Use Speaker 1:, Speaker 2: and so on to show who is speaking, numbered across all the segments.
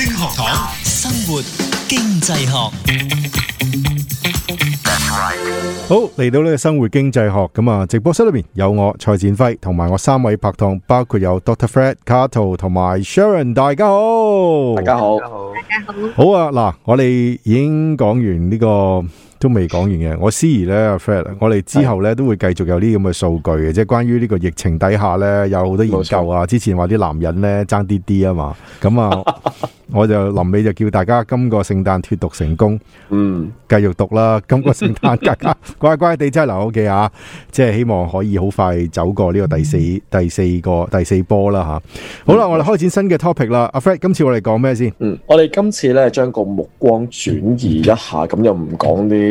Speaker 1: 星學
Speaker 2: 堂生活經濟學，好，嚟到呢個生活經濟學，咁啊！直播室裏面有我蔡展輝同埋我三位拍檔，包括有 Doctor Fred、Carlo 同埋 Sharon，大家好，大家好，大家好，好啊！嗱，我哋已經講完呢、這個。都未講完嘅，我思儀呢，阿 Fred，我哋之後呢都會繼續有啲咁嘅數據嘅，即係關於呢個疫情底下呢，有好多研究啊。之前話啲男人呢爭啲啲啊嘛，咁啊， 我就臨尾就叫大家今個聖誕脫毒成功，嗯，繼續讀啦。今個聖誕大家乖乖地真係留屋企啊，即係希望可以好快走過呢個第四 第四個第四波啦吓。好啦， 我哋開展新嘅 topic 啦，阿 Fred，今次我哋講咩先？嗯， 我哋今次呢將個目光轉移一
Speaker 3: 下，咁又唔講啲。誒，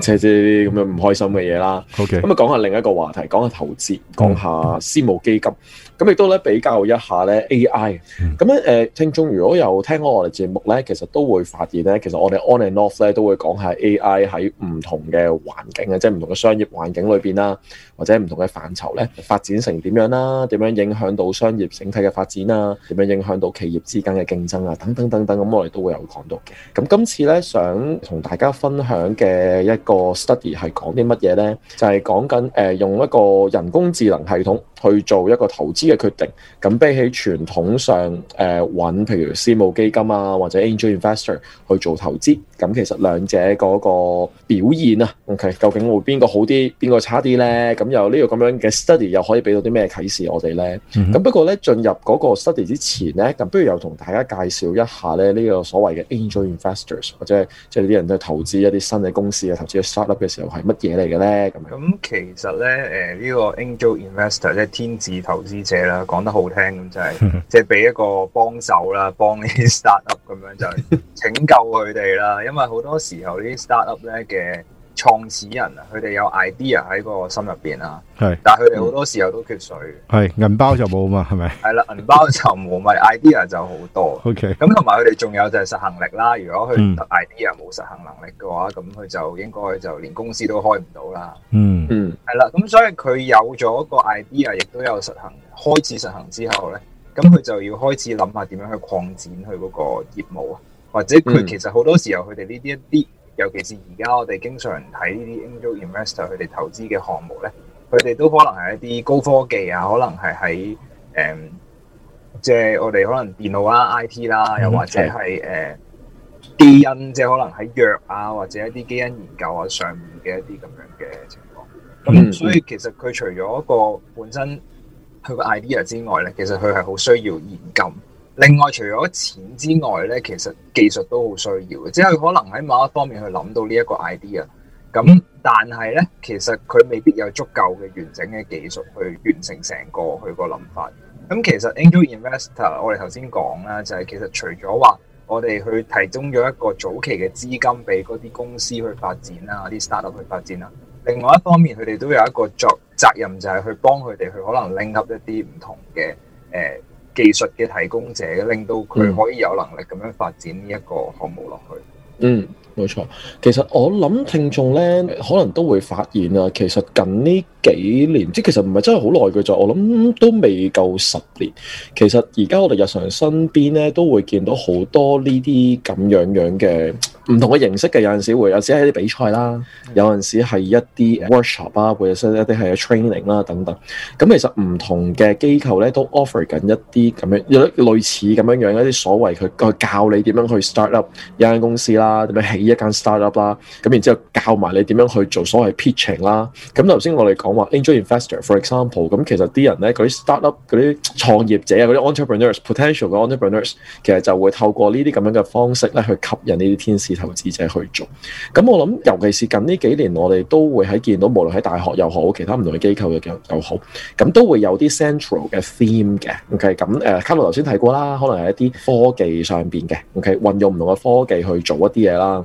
Speaker 3: 即係啲咁樣唔開心嘅嘢啦。Okay. 咁啊，講下另一個話題，講下投資，講下私募基金。咁亦都咧比較一下咧 AI。咁咧、mm，誒、hmm. 呃，聽眾如果有聽過我哋節目咧，其實都會發現咧，其實我哋 on and off 咧都會講下 AI 喺唔同嘅環境啊，即係唔同嘅商業環境裏邊啦，或者唔同嘅範疇咧發展成點樣啦，點樣影響到商業整體嘅發展啊，點樣影響到企業之間嘅競爭啊，等等等等。咁我哋都會有講到嘅。咁今次咧想同大大家分享嘅一個 study，係講啲乜嘢咧？就係講緊誒用一個人工智能系統。去做一個投資嘅決定，咁比起傳統上誒揾，呃、譬如私募基金啊，或者 angel investor 去做投資，咁其實兩者嗰個表現啊，OK，究竟會邊個好啲，邊個差啲咧？咁有呢個咁樣嘅 study 又可以俾到啲咩啟示我哋咧？咁、mm hmm. 不過咧進入嗰個 study 之前咧，咁不如又同大家介紹一下咧呢、呢個所謂嘅 angel investors，或者即係啲人去投資一啲新嘅公司啊，投資嘅 startup 嘅時候係乜嘢嚟嘅咧？咁
Speaker 1: 咁其實咧誒呢、呃呢個 angel investor 咧。天使投資者啦，講得好聽咁就係，即係俾一個幫手啦，幫啲 start up 咁樣就係拯救佢哋啦，因為好多時候呢啲 start up 咧嘅。創始人啊，佢哋有 idea 喺個心入邊啊，係是，但係佢哋好多時候都缺水，
Speaker 2: 係銀包就冇嘛，係咪？
Speaker 1: 係啦， 銀包就冇咪 idea 就好多，ok，咁同埋佢哋仲有就係實行力啦。如果佢 idea 冇實行能力嘅話，咁佢就應該就連公司都開唔到啦。嗯
Speaker 2: 嗯，
Speaker 1: 係啦，咁所以佢有咗個 idea，亦都有實行，開始實行之後咧，咁佢就要開始諗下點樣去擴展佢嗰個業務啊，或者佢其實好多時候佢哋呢啲一啲。尤其是而家我哋經常睇呢啲 angel investor 佢哋投資嘅項目咧，佢哋都可能係一啲高科技啊，可能係喺誒，即、嗯、係、就是、我哋可能電腦啦、啊、IT 啦、啊，又或者係誒、呃、基因，即、就、係、是、可能喺藥啊，或者一啲基因研究啊上面嘅一啲咁樣嘅情況。咁所以其實佢除咗一個本身佢個 idea 之外咧，其實佢係好需要現金。另外，除咗錢之外咧，其實技術都好需要嘅，即係可能喺某一方面去諗到呢一個 idea，咁但係咧，其實佢未必有足夠嘅完整嘅技術去完成成個佢個諗法。咁其實 Angel Investor，我哋頭先講啦，就係其實除咗話我哋去提供咗一個早期嘅資金俾嗰啲公司去發展啦，啲 startup 去發展啦，另外一方面佢哋都有一個作責任，就係去幫佢哋去可能 link up 一啲唔同嘅誒，呃技術嘅提供者，令到佢可以有能力咁樣發展呢一個項目落去。嗯。
Speaker 3: 冇錯，其實我諗聽眾咧，可能都會發現啊，其實近呢幾年，即其實唔係真係好耐嘅就，我諗都未夠十年。其實而家我哋日常身邊咧，都會見到好多呢啲咁樣樣嘅唔同嘅形式嘅，有陣時會有時係一啲比賽啦，的有陣時係一啲 workshop 啊，或者一啲係 training 啦等等。咁其實唔同嘅機構咧，都 offer 緊一啲咁樣有類似咁樣樣樣一啲所謂佢教你點樣去 start up 有間公司啦，點樣起。一間 start-up 啦，咁然之後教埋你點樣去做所謂 pitching 啦。咁頭先我哋講話 angel investor，for example，咁其實啲人咧，嗰啲 start-up 嗰啲創業者啊，嗰啲 entrepreneurs，potential 嘅 entrepreneurs，其實就會透過呢啲咁樣嘅方式咧，去吸引呢啲天使投資者去做。咁我諗，尤其是近呢幾年，我哋都會喺見到，無論喺大學又好，其他唔同嘅機構又又好，咁都會有啲 central 嘅 theme 嘅，OK。咁、呃、誒，卡洛頭先提過啦，可能係一啲科技上邊嘅，OK，運用唔同嘅科技去做一啲嘢啦。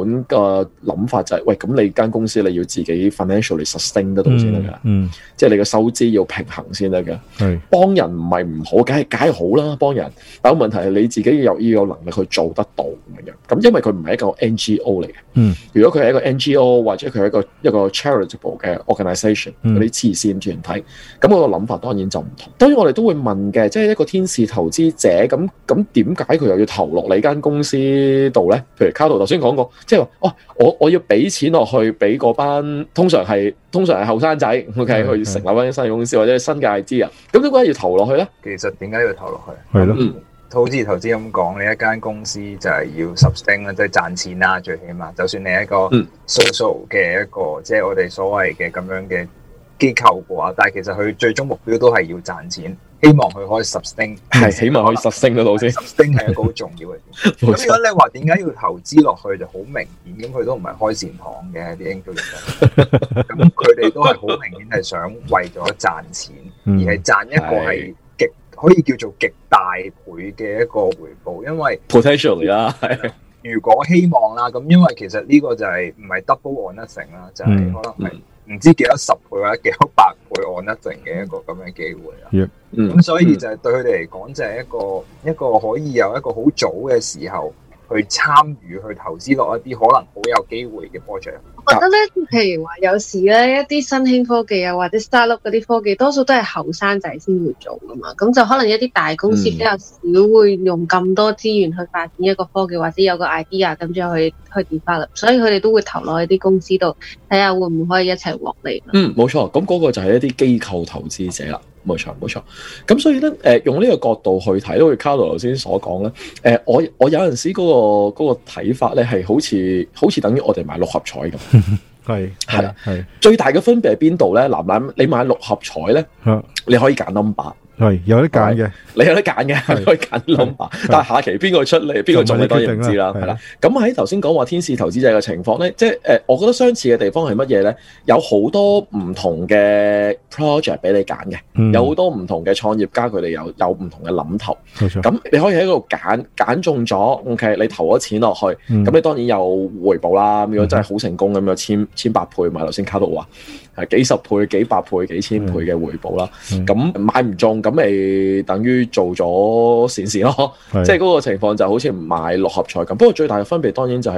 Speaker 3: 本嘅諗法就係、是，喂，咁你間公司你要自己 financially sustain 得到先得㗎，嗯、即係你嘅收支要平衡先得㗎。是幫人唔係唔好，梗係解好啦，幫人。但個問題係你自己要有要有能力去做得到咁樣。咁因為佢唔係一個 NGO 嚟嘅，嗯、如果佢係一個 NGO 或者佢係一個一個 charitable 嘅 organisation 嗰啲、嗯、慈善團體，咁我嘅諗法當然就唔同。當然我哋都會問嘅，即係一個天使投資者，咁咁點解佢又要投落你間公司度咧？譬如 Cardo 頭先講過。即係話，哇、哦！我我要俾錢落去俾嗰班通常係通常係後生仔，OK，、嗯、去成立翻啲新公司、嗯、或者新嘅 idea。咁點解要投落去咧？
Speaker 1: 其實點解要投落去？係咯是的、嗯，好似投資咁講，你一間公司就係要 sustain 啦，即係賺錢啦、啊，最起碼，就算你係一個 social 嘅 so 一個，即、就、係、是、我哋所謂嘅咁樣嘅。機構嘅話，但係其實佢最終目標都係要賺錢，希望佢可以 sustain，係起
Speaker 3: 碼可以 sustain 嘅老師，sustain 係一個好重要嘅。咁如果你
Speaker 1: 話點解要投資落去就好明顯，咁佢都唔係開善行嘅啲 Angel，咁佢哋都係好明顯係想為咗賺錢，而係賺一個係極可以叫做極大倍嘅一個回報，因為 potential 啦。如果希望啦，咁因為其實呢個就係就係唔係 double or nothing 啦，就係可能係。唔知幾多十倍或者幾多百倍，按一定嘅一個咁嘅機會啊，咁、Yeah. Mm-hmm. 所以就係對佢哋嚟講，就係一個一個可以有一個好早嘅時候。去參與去投資落一啲可能好有機會嘅 project，我覺得咧，
Speaker 3: 譬如話有時咧一啲新興科技啊或者 startup 嗰啲科技，多數都係後生仔先會做噶嘛，咁就可能一啲大公司比較少、嗯、會用咁多資源去發展一個科技或者有個 idea，跟住去去發展，所以佢哋都會投落喺啲公司度睇下會唔可以一齊獲利。嗯，冇錯，咁嗰個就係一啲機構投資者啦。冇錯冇錯，咁所以咧，誒、呃、用呢個角度去睇，因為卡羅頭先所講咧，誒、呃、我我有陣時嗰、嗰個睇、嗰個、法咧，係好似好似等於我哋買六合彩咁，係係係最大嘅分別喺邊度咧？嗱，你你買六合彩咧， 你可以揀 number。
Speaker 2: 係有得揀嘅，
Speaker 3: 你有得揀嘅，你可以揀諗。是 但係下期邊個出嚟，邊個做咧，當然唔知啦，係啦是。咁喺頭先講話天使投資者嘅情況咧，即係誒、呃，我覺得相似嘅地方係乜嘢？咧？有好多唔同嘅 project 俾你揀嘅，嗯，有好多唔同嘅創業家，佢哋有有唔同嘅諗頭。冇錯。咁你可以喺度揀，揀中咗，OK，你投咗錢落去，咁、嗯、你當然有回報啦。如果真係好成功咁樣，嗯，千千百倍嘛，頭先卡多話。係幾十倍、幾百倍、幾千倍嘅回報啦。咁、嗯、買唔中，咁咪等於做咗善事咯。嗯、即係嗰個情況就好似唔買六合彩咁。不過最大嘅分別當然就係、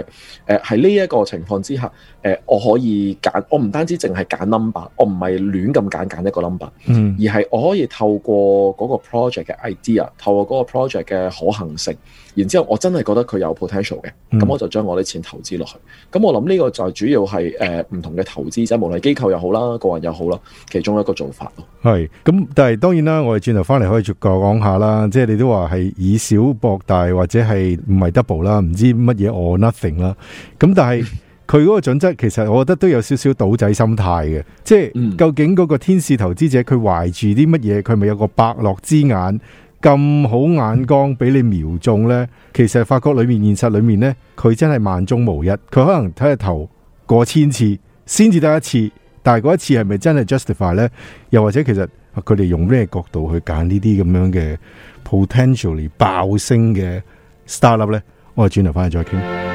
Speaker 3: 是，誒喺呢一個情況之下，誒、呃、我可以揀，我唔單止淨係揀 number，我唔係亂咁揀揀一個 number、嗯、而係我可以透過嗰個 project 嘅 idea，透過嗰個 project 嘅可行性，然之後我真係覺得佢有 potential 嘅，咁、嗯、我就將我啲錢投資落去。咁我諗呢個就係主要係誒唔同嘅投資者，無論機構又好啦，個人又好啦，其中一個做法咯。
Speaker 2: 咁，但係當然啦，我哋轉頭翻嚟可以逐個講下啦。即係你都話係以小博大，或者係唔係 double 啦？唔知乜嘢 or nothing 啦。咁但係佢嗰個準則，其實我覺得都有少少賭仔心態嘅。即係究竟嗰個天使投資者懷，佢懷住啲乜嘢？佢咪有個伯樂之眼咁好眼光俾你瞄中呢？其實發覺裡面現實裡面呢，佢真係萬中無一。佢可能睇日投過千次，先至得一次。但係嗰一次係咪真係 justify 咧？又或者其實佢哋用咩角度去揀呢啲咁樣嘅 potentially 爆升嘅 startup 咧？我哋轉頭翻去再傾。